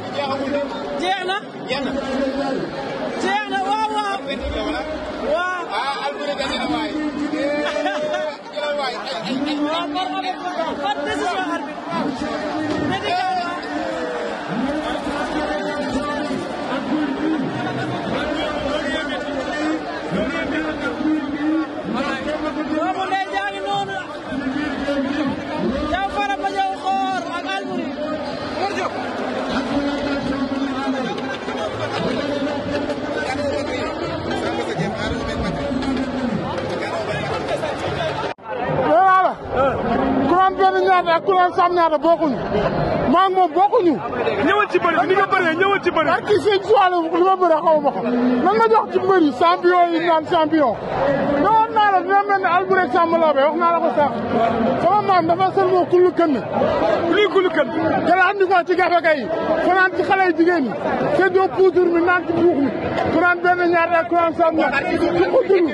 na. waaw waaw. waaw. ah Alboury gagné na waay. jëlal waay ay ay waaw Andrade ak Kuréel Sam ñaata bokkuñu maa ngi moom bokkuñu. ñëwal ci bëri ni nga bëree ñëwal ci bëri. parce que seen li ma bëree ma ko ma jox ci mbëri champion yi naan champion. naa la dina mel ne Alboury Samba Laobé wax naa la ko sax sama maam dafa sën moo kullu kënn luy kullu kënn jël andi ci gafe kay fanaan ci xale yu jigéen ñi doo puudur mi naan ci buux mi fanaan benn ñaar ak kuraan sam na su ko dund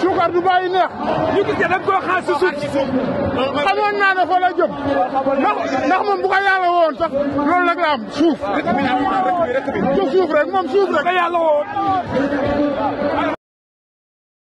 suukar du neex ñu gis ne da koo xaar si suuf xamoon naa dafa la jëm ndax ndax moom bu woon sax loolu rek la am suuf suuf rek moom suuf rek